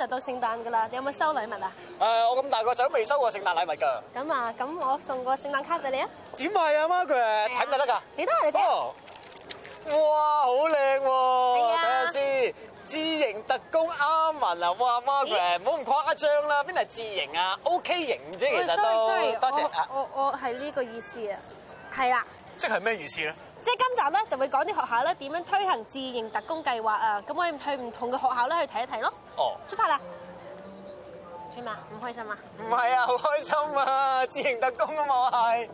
就到聖誕噶啦，你有冇收禮物啊？誒，我咁大個仔都未收過聖誕禮物噶。咁啊，咁我送個聖誕卡俾你啊。點係啊 Margaret 睇，咪得噶？你都係嚟睇？哇，好靚喎！睇下先，智型特工啱文啊，哇 Margaret 唔好咁誇張啦，邊係智型啊？O K 型啫，其實都多謝啊。我我我係呢個意思啊，係啦。即係咩意思咧？即係今集咧，就會講啲學校咧，點樣推行自營特工計劃啊！咁我哋去唔同嘅學校咧，去睇一睇咯。哦，出發啦！算嘛唔開心啊？唔係啊，好開心啊！自營特工吖嘛。我係。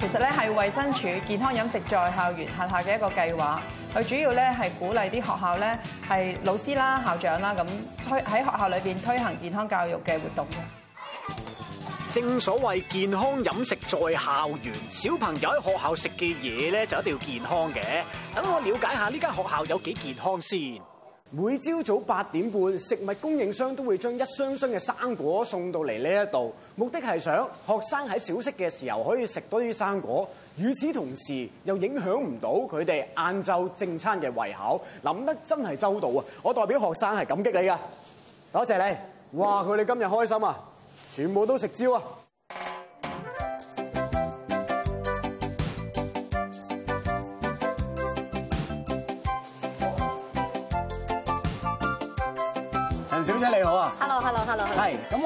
其實咧，係衞生署健康飲食在校園轄下嘅一個計劃，佢主要咧，係鼓勵啲學校咧，係老師啦、校長啦，咁推，喺學校裏邊推行健康教育嘅活動。正所謂健康飲食在校園，小朋友喺學校食嘅嘢，咧就一定要健康嘅。等我了解下呢間學校有幾健康先。每朝早八點半，食物供應商都會將一箱箱嘅生果送到嚟呢一度，目的係想學生喺小息嘅時候可以食多啲生果。與此同時，又影響唔到佢哋晏晝正餐嘅胃口，諗得真係周到啊！我代表學生係感激你噶，多謝你。哇，佢哋今日開心啊！全部都食蕉啊！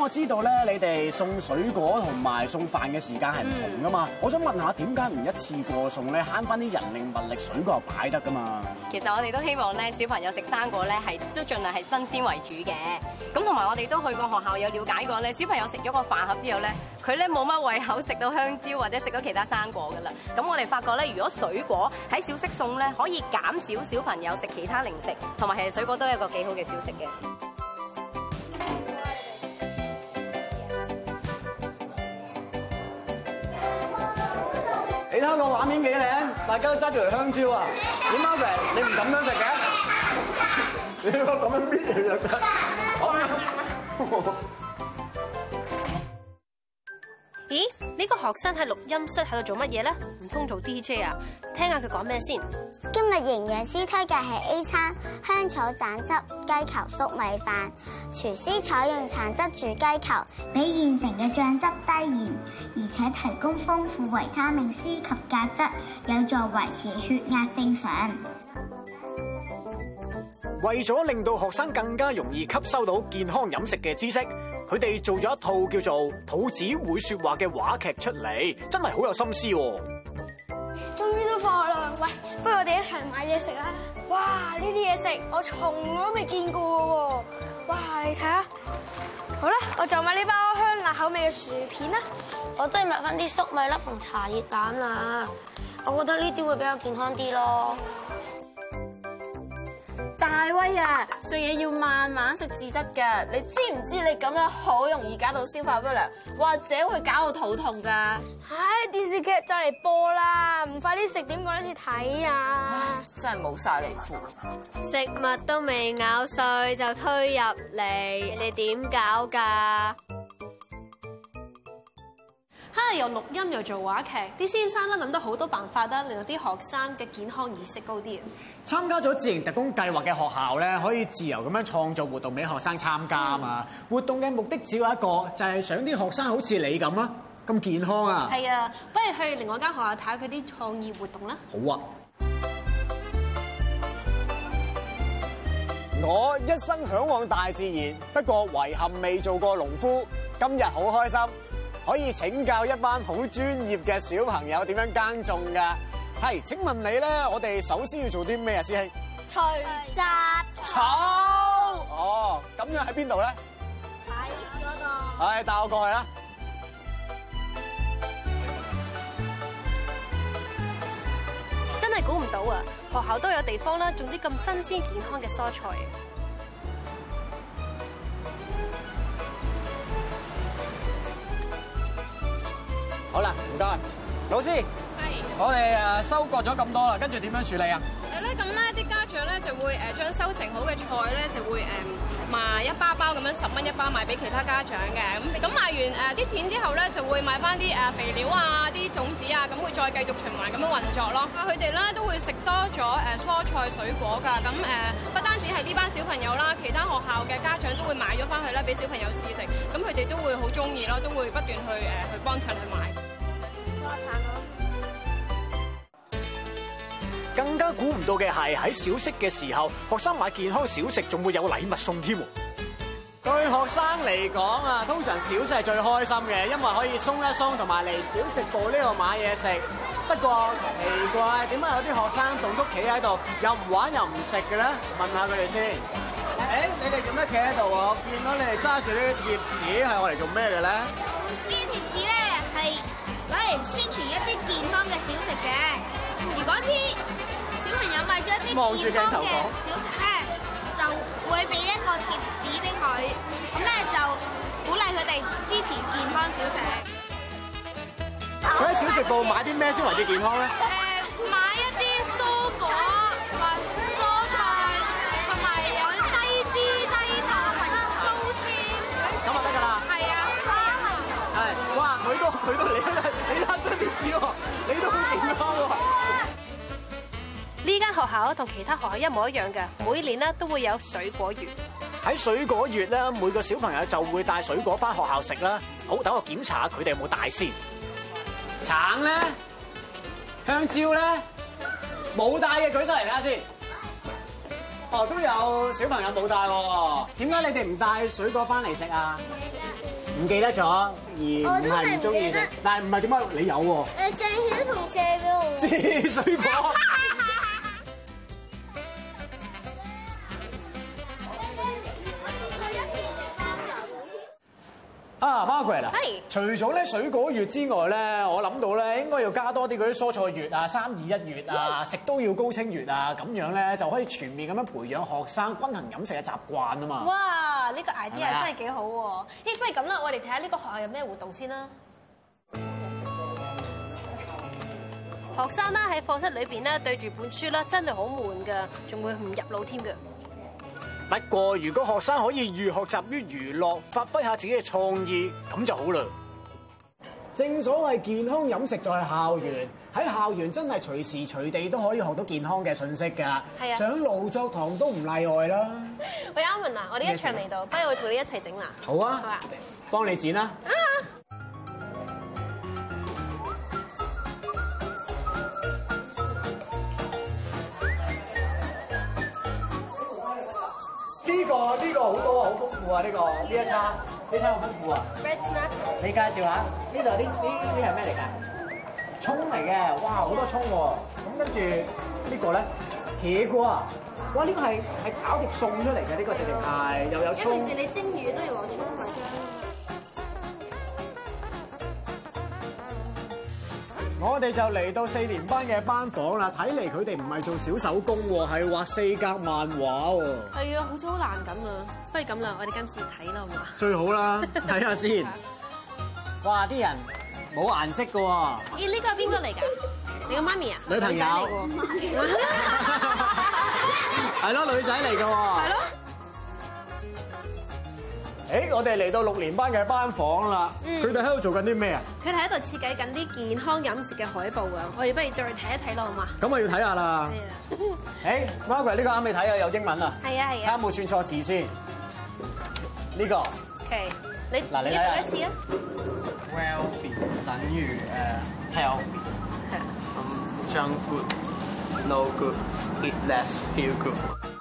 我知道咧，你哋送水果和送飯同埋送飯嘅時間係唔同噶嘛。我想問一下，點解唔一次過送咧，慳翻啲人力物力，水果又擺得噶嘛。其實我哋都希望咧，小朋友食生果咧係都盡量係新鮮為主嘅。咁同埋我哋都去過學校有了解過咧，小朋友食咗個飯盒之後咧，佢咧冇乜胃口食到香蕉或者食到其他生果噶啦。咁我哋發覺咧，如果水果喺小食送咧，可以減少小朋友食其他零食，同埋其實水果都係一個幾好嘅小食嘅。畫面幾靚，大家都揸住嚟香蕉啊！點樣食？你唔咁樣食嘅，你個咁樣搣嚟兩咦？呢個學生喺錄音室喺度做乜嘢呢？唔通做 DJ 啊？聽下佢講咩先？今日營養師推介係 A 餐，香草橙汁雞球粟米飯，廚師採用橙汁煮雞球，比現成嘅醬汁低鹽，而且提供豐富維他命 C 及鉀質，有助維持血壓正常。為咗令到學生更加容易吸收到健康飲食嘅知識。佢哋做咗一套叫做《肚子會說話》嘅話劇出嚟，真係好有心思喎！終於都放學啦，喂，不如我哋一齊買嘢食啊！哇，呢啲嘢食我從來都未見過喎！哇，你睇下，好啦，我就買呢包香辣口味嘅薯片啦，我都要買翻啲粟米粒同茶葉蛋啦，我覺得呢啲會比較健康啲咯。大威啊！食嘢要慢慢食至得噶，你知唔知你咁樣好容易搞到消化不良，或者會搞到肚痛噶？唉，電視劇再嚟播啦，唔快啲食點一次睇啊！真係冇晒你符，食物都未咬碎就推入嚟，你點搞噶？真係！又錄音又做話劇，啲先生咧諗到好多辦法啦，令到啲學生嘅健康意識高啲。參加咗自營特工計劃嘅學校咧，可以自由咁樣創造活動俾學生參加嘛。活動嘅目的只有一個，就係想啲學生好似你咁啊，咁健康啊。係啊，不如去另外間學校睇下佢啲創意活動啦。好啊！我一生嚮往大自然，不過遺憾未做過農夫，今日好開心。可以請教一班好專業嘅小朋友點樣耕種噶？係，請問你咧，我哋首先要做啲咩啊，師兄？除雜草。炒炒哦，咁樣喺邊度咧？喺嗰度。係，帶我過去啦。真係估唔到啊！學校都有地方啦，種啲咁新鮮健康嘅蔬菜。好啦，唔該，老師，我哋誒收割咗咁多啦，跟住點樣處理啊？誒咧，咁咧啲家長咧就會誒將收成好嘅菜咧就會誒賣一包包咁樣十蚊一包賣俾其他家長嘅，咁咁賣完誒啲錢之後咧就會買翻啲誒肥料啊、啲種子啊，咁會再繼續循環咁樣運作咯。啊，佢哋咧都會食多咗誒蔬菜水果㗎，咁誒不單止係呢班小朋友啦，其他學校嘅家長都會買咗翻去咧俾小朋友試食，咁佢哋都會好中意咯，都會不斷去誒去幫襯去買。更加估唔到嘅係喺小息嘅時候，學生買健康小食仲會有禮物送添。對學生嚟講啊，通常小息係最開心嘅，因為可以鬆一鬆，同埋嚟小食部呢度買嘢食。不過奇怪，點解有啲學生棟屋企喺度，又唔玩又唔食嘅咧？問下佢哋先。誒，你哋做咩企喺度啊？見到你哋揸住啲貼紙係我嚟做咩嘅咧？呢啲貼紙咧係。喂，宣傳一啲健康嘅小食嘅。如果啲小朋友買咗一啲健康嘅小食咧，就會俾一個貼紙俾佢。咁咧就鼓勵佢哋支持健康小食。佢喺小食部買啲咩先為之健康咧？你都好健康！呢間學校同其他學校一模一樣嘅，每年咧都會有水果月。喺水果月咧，每個小朋友就會帶水果翻學校食啦。好，等我檢查下佢哋有冇帶先。橙咧，香蕉咧，冇帶嘅舉手嚟睇下先。哦，都有小朋友冇帶，點解你哋唔帶水果翻嚟食啊？唔記，記得咗，而我都係唔中意。但係唔係點解你有喎？誒，鄭曉同借俾我。借 水果。啊，Margaret 啊，ah, Margaret, 的除咗咧水果月之外咧，我諗到咧應該要加多啲嗰啲蔬菜月啊、三二一月啊，Yeah. 食都要高纖月啊，咁樣咧就可以全面咁樣培養學生均衡飲食嘅習慣啊嘛。哇，呢、這個 idea 的真係幾好喎！咦，不如咁啦，我哋睇下呢個學校有咩活動先啦。學生啦喺課室裏邊咧對住本書咧，真係好悶㗎，仲會唔入腦添嘅。不過如果學生可以寓學習於娛樂，發揮下自己嘅創意，咁就好啦。正所謂健康飲食在校園，喺校園真係隨時隨地都可以學到健康嘅信息噶。係啊，上勞作堂都唔例外啦。喂，阿文啊，我哋一場嚟到，不如我陪你一齊整啦。好啊，幫你剪啦。呢、這個呢、這個好多啊，好豐富啊！呢、這個呢一餐呢、嗯、餐好豐富啊。Red snapper 你介紹下，呢度呢呢啲係咩嚟㗎？蔥嚟嘅，哇，好多蔥喎。咁跟住呢個咧茄瓜啊，哇，呢、這個係係炒碟餸出嚟嘅呢個定係？係、嗯，又有蔥。平時你蒸魚都我哋就嚟到四年班嘅班房啦，睇嚟佢哋唔係做小手工，係畫四格漫畫喎。係啊，好似好難咁啊，不如咁啦，我哋今次睇啦嘛。最好啦，睇下先。哇，啲人冇顏色㗎喎。咦，呢個係邊個嚟㗎？你個媽咪啊？女朋友。係咯，女仔嚟㗎。係咯。誒，我哋嚟到六年班嘅班房啦，佢哋喺度做緊啲咩啊？佢哋喺度設計緊啲健康飲食嘅海報啊！我哋不如再睇一睇咯，好嘛？咁我要睇下啦。誒，Margaret 呢個啱未睇啊，有英文啊。係啊係啊。啱冇串錯字先，呢個。OK，你自己讀一次啊。Well being 等於誒 health。咁 jump good，no good，eat less，feel good。是的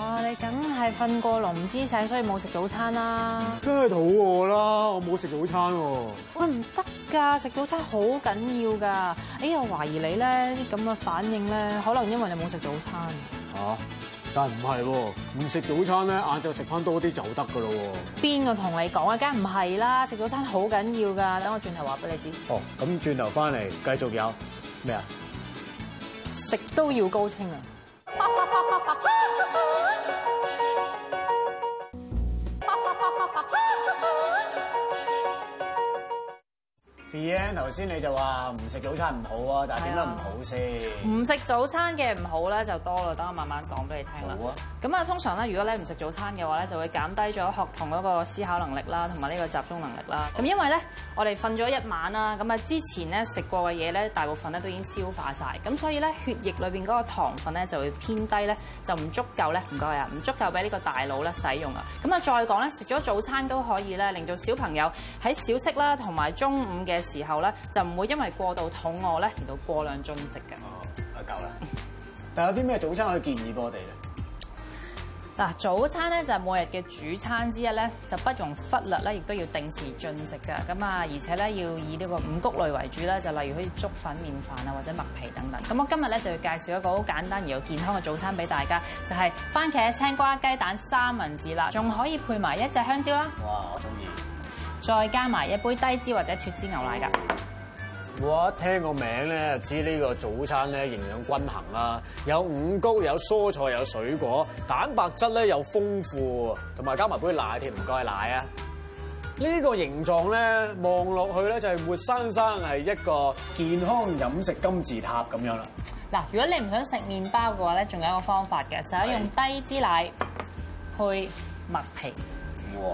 哦，你梗係瞓過龍唔知醒，所以冇食早餐啦。梗係肚餓啦，我冇食早餐。喂，唔得噶，食早餐好緊要噶。哎呀，懷疑你咧，啲咁嘅反應咧，可能因為你冇食早餐。吓，但唔係，唔食早餐咧，晏晝食翻多啲就得噶咯。邊個同你講啊？梗係唔係啦，食早餐好緊要噶。等我轉頭話俾你知。哦，咁轉頭翻嚟繼續有咩啊？食都要高清啊！哈哈哈哈哈哈！哈哈。頭先你就話唔食早餐唔好啊，但係點解唔好先對？唔食好早餐嘅唔好咧就多啦，等我慢慢講俾你聽啦。咁啊，通常咧，如果咧唔食早餐嘅話咧，就會減低咗學童嗰個思考能力啦，同埋呢個集中能力啦。咁因為咧，我哋瞓咗一晚啦，咁啊之前咧食過嘅嘢咧，大部分咧都已經消化晒，咁所以咧血液裏邊嗰個糖分咧就會偏低咧，就唔足夠咧，唔該啊，唔足夠俾呢個大腦咧使用啊。咁啊，再講咧，食咗早餐都可以咧，令到小朋友喺小息啦，同埋中午嘅。時候咧，就唔會因為過度肚餓咧，而到過量進食嘅。哦，夠啦！嗱，有啲咩早餐可以建議我哋咧？嗱，早餐咧就係每日嘅主餐之一咧，就不容忽略咧，亦都要定時進食嘅。咁啊，而且咧要以呢個五穀類為主啦，就例如好似粥、粉、麵飯啊，或者麥皮等等。咁我今日咧就要介紹一個好簡單而又健康嘅早餐俾大家，就係番茄、青瓜、雞蛋三文治啦，仲可以配埋一隻香蕉啦。哇，我中意。再加埋一杯低脂或者脫脂牛奶噶。我一聽個名咧，知呢個早餐咧營養均衡啦，有五穀，有蔬菜，有水果，蛋白質咧又豐富，同埋加埋杯奶添，唔該奶啊。呢個形狀咧，望落去咧就係活生生係一個健康飲食金字塔咁樣啦。嗱，如果你唔想食麵包嘅話咧，仲有一個方法嘅，就係用低脂奶去麥皮。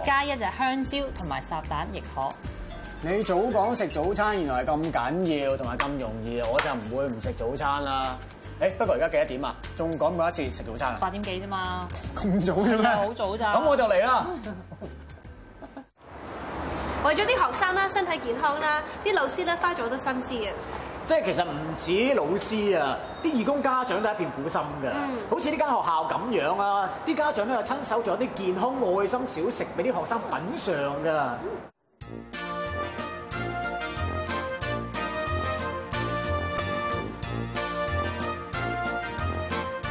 加一隻香蕉同埋烚蛋亦可。你早講食早，早，早餐，原來係咁緊要同埋咁容易，我就唔會唔食早餐啦。誒，不過而家幾多點啊？仲講唔講一次食早餐啊？八點幾啫嘛，咁早嘅咩？好早咋。咁我就嚟啦。為咗啲學生啦，身體健康啦，啲老師咧花咗好多心思嘅。即係其實唔止老師啊，啲義工家長都係一片苦心㗎。好似呢間學校咁樣啊，啲家長都有親手做啲健康愛心小食俾啲學生品嚐㗎。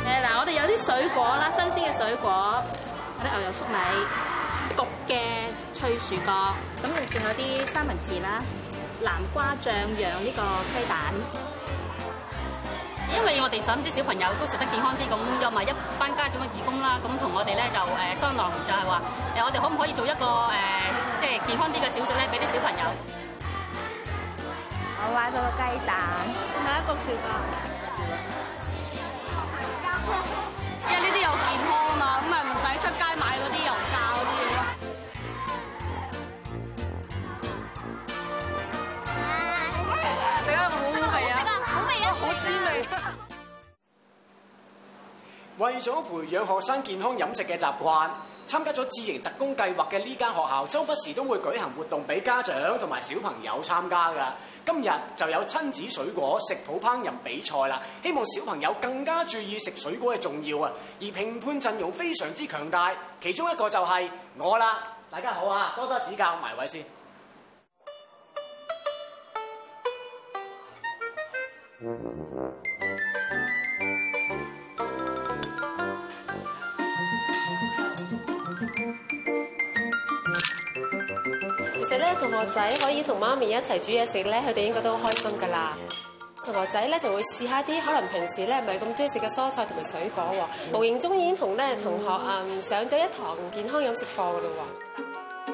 誒嗱，我哋有啲水果啦，新鮮嘅水果，有啲牛油粟米焗嘅脆薯角，咁你仲有啲三文治啦。南瓜醬養呢個雞蛋，因為我哋想啲小朋友都食得健康啲，咁約埋一班家長嘅義工啦，咁同我哋咧就誒商量，就係話誒，我哋可唔可以做一個誒、呃，即係健康啲嘅小食咧，俾啲小朋友。嗯、我買咗個雞蛋，買一個雪糕，因為呢啲又健康啊嘛，咁咪唔使出街買嗰啲又。為咗培養學生健康飲食嘅習慣，參加咗自營特工計劃嘅呢間學校，周不時都會舉行活動俾家長同埋小朋友參加㗎。今日就有親子水果食譜烹飪比賽啦！希望小朋友更加注意食水果嘅重要啊！而評判陣容非常之強大，其中一個就係我啦。大家好啊，多多指教，埋位先。 其實咧，同學仔可以同媽咪一齊煮嘢食咧，佢哋應該都開心噶啦。同學仔咧就會試下啲可能平時咧唔係咁中意食嘅蔬菜同埋水果喎。無形中已經同咧同學啊上咗一堂健康飲食課噶啦喎。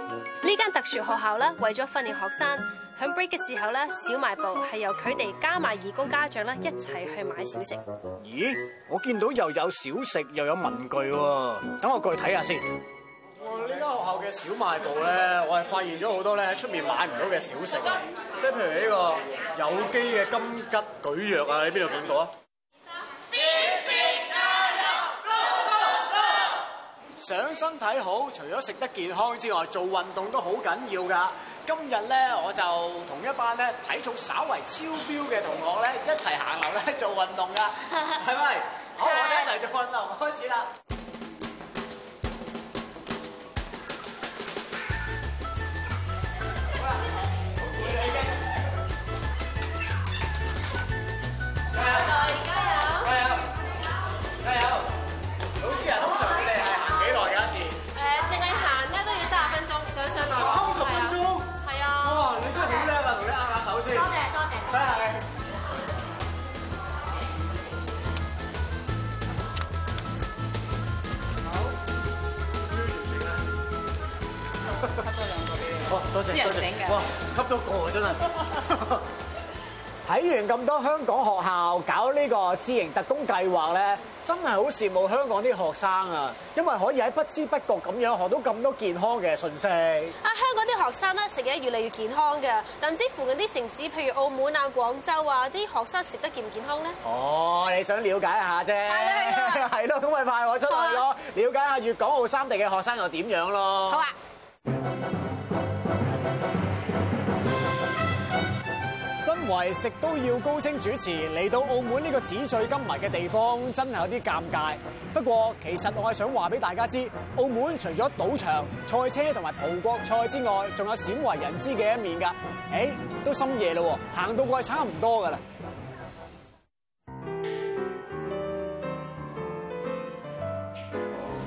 呢間特殊學校咧為咗訓練學生，響 break 嘅時候咧小賣部係由佢哋加埋義工家長啦一齊去買小食。咦，我見到又有小食又有文具，等我過去睇下先。嘅小賣部咧，我係發現咗好多咧喺出面買唔到嘅小食啊！即係譬如呢個有機嘅金桔蒟蒻啊，喺邊度見到啊？想身體好，除咗食得健康之外，做運動都好緊要噶。今日咧，我就同一班咧體重稍為超標嘅同學咧一齊行樓咧做運動噶，係咪？的好，我哋一齊做運動，開始啦！大家加油！加油！加油！加油！老師啊，通常你哋係行幾耐有一次？誒，淨係行咧都要三十分鐘，上上上，三十分鐘。係啊！哇，你真係好叻啊！同對你握下手先。多謝多謝。真多哇！多謝多謝。哇，吸多個真係。睇完咁多香港學校搞呢個自營特工計劃咧，真係好羨慕香港啲學生啊！因為可以喺不知不覺咁樣學到咁多健康嘅訊息。啊，香港啲學生咧食嘢越嚟越健康嘅，但唔知附近啲城市，譬如澳門啊、廣州啊啲學生食得健唔健康咧？哦，你想了解一下啫，係咯，咁咪 派我出去咯，是的 了解一下粵港澳三地嘅學生又點樣咯？好啊。為食都要高清主持嚟到澳門呢個紙醉金迷嘅地方，真係有啲尷尬。不過其實我係想話俾大家知，澳門除咗賭場、賽車同埋葡國菜之外，仲有鮮為人知嘅一面噶。誒、欸，都深夜啦，行到過去差唔多噶啦。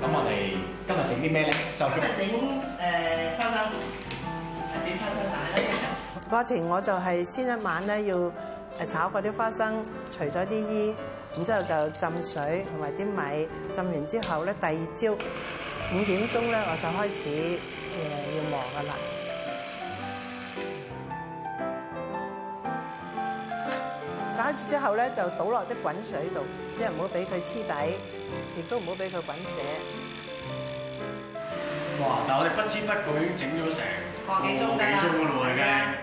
咁我哋今日整啲咩咧？就今日整誒花生，花生？過程我就係先一晚咧，要誒炒嗰啲花生，除咗啲衣，然之後就浸水同埋啲米，浸完之後咧，第二朝五點鐘咧，我就開始誒、呃、要磨㗎喇。打住之後咧，就倒落啲滾水度，即係唔好俾佢黐底，亦都唔好俾佢滾瀉。哇！但我哋不知不覺了整咗成個幾鐘幾鐘咁耐嘅。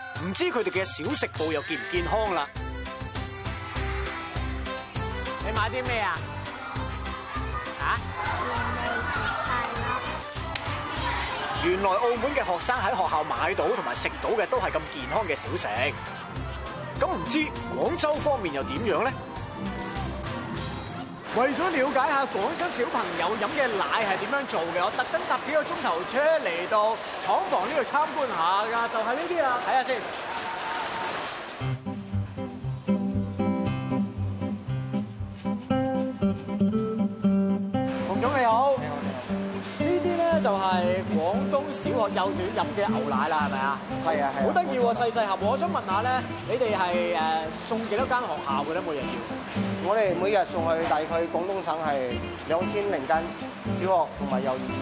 唔知佢哋嘅小食部又健唔健康啦？你買啲咩啊？啊？原來澳門嘅學生喺學校買到同埋食到嘅都係咁健康嘅小食，咁唔知廣州方面又點樣咧？為咗了解下廣州小朋友飲嘅奶係點樣做嘅，我特登搭幾個鐘頭車嚟到廠房呢度參觀下㗎，就係呢啲啦，睇下先。幼稚園飲嘅牛奶啦，係咪啊？係啊係。好得意喎，錯細細盒。沒錯 我想問下咧，你哋係誒送幾多間學校嘅咧？每日要？我哋每日送去大概廣東省係兩千零間小學同埋幼兒園。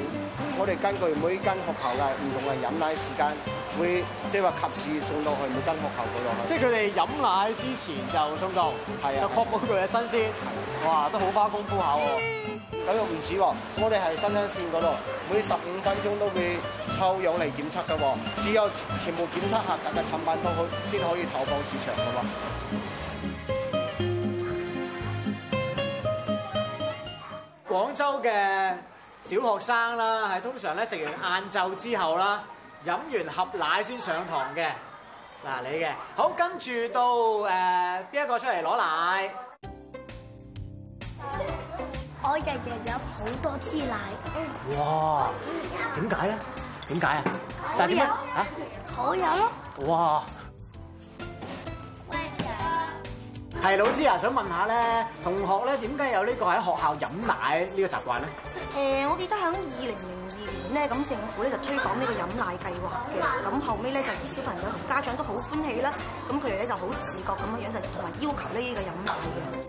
我哋根據每間學校嘅唔同嘅飲奶時間，會即係話及時送到去每間學校嗰度去。即係佢哋飲奶之前就送到，係啊的，確保佢嘅新鮮。哇，都好花功夫下喎，咁又唔似喎，我哋係生產線嗰度，每十五分鐘都會抽樣嚟檢測㗎喎，只有全部檢測合格嘅產品都可先可以投放市場噶喎。廣州嘅小學生啦，係通常咧食完晏晝之後啦，飲完盒奶先上堂嘅，嗱你嘅，好跟住到誒邊一個出嚟攞奶？我日日飲好多支奶。哇！點解咧？點解啊？好飲啊！嚇？好飲咯！哇！係有老師啊，想問下咧，同學咧點解有呢個喺學校飲奶呢個習慣咧？誒，我記得喺二零零二年咧，咁政府咧就推廣呢個飲奶計劃嘅，咁後尾咧就啲小朋友同家長都好歡喜啦，咁佢哋咧就好自覺咁樣樣就同埋要求呢個飲奶嘅。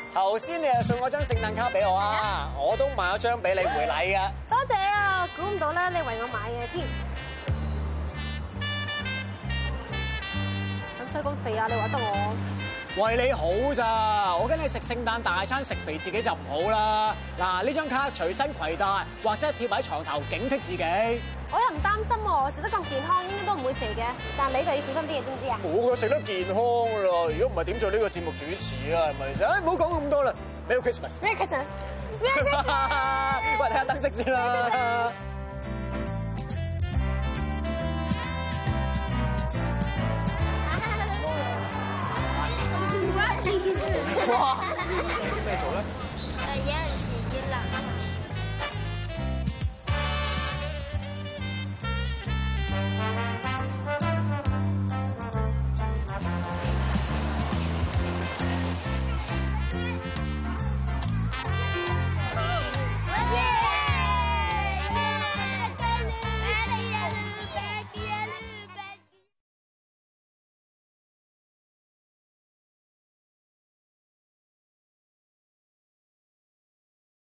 頭先你又送我張聖誕卡俾我啊，我都買咗張俾你回禮啊。多謝啊，估唔到呢，你為我買嘢添。咁衰咁肥啊，你話得我喂？為你好咋，我跟你食聖誕大餐食肥自己就唔好啦。嗱，呢張卡隨身攜帶或者貼喺床頭，警惕自己。我又唔擔心喎，我食得咁健康，應該都唔會肥嘅。但係你就要小心啲嘅，知唔知啊？我個食得健康咯，如果唔係點做呢個節目主持啊？係咪先？唉，唔好講咁多啦，Merry Christmas！Merry Christmas！咩啫？喂，睇下燈飾先啦。哇！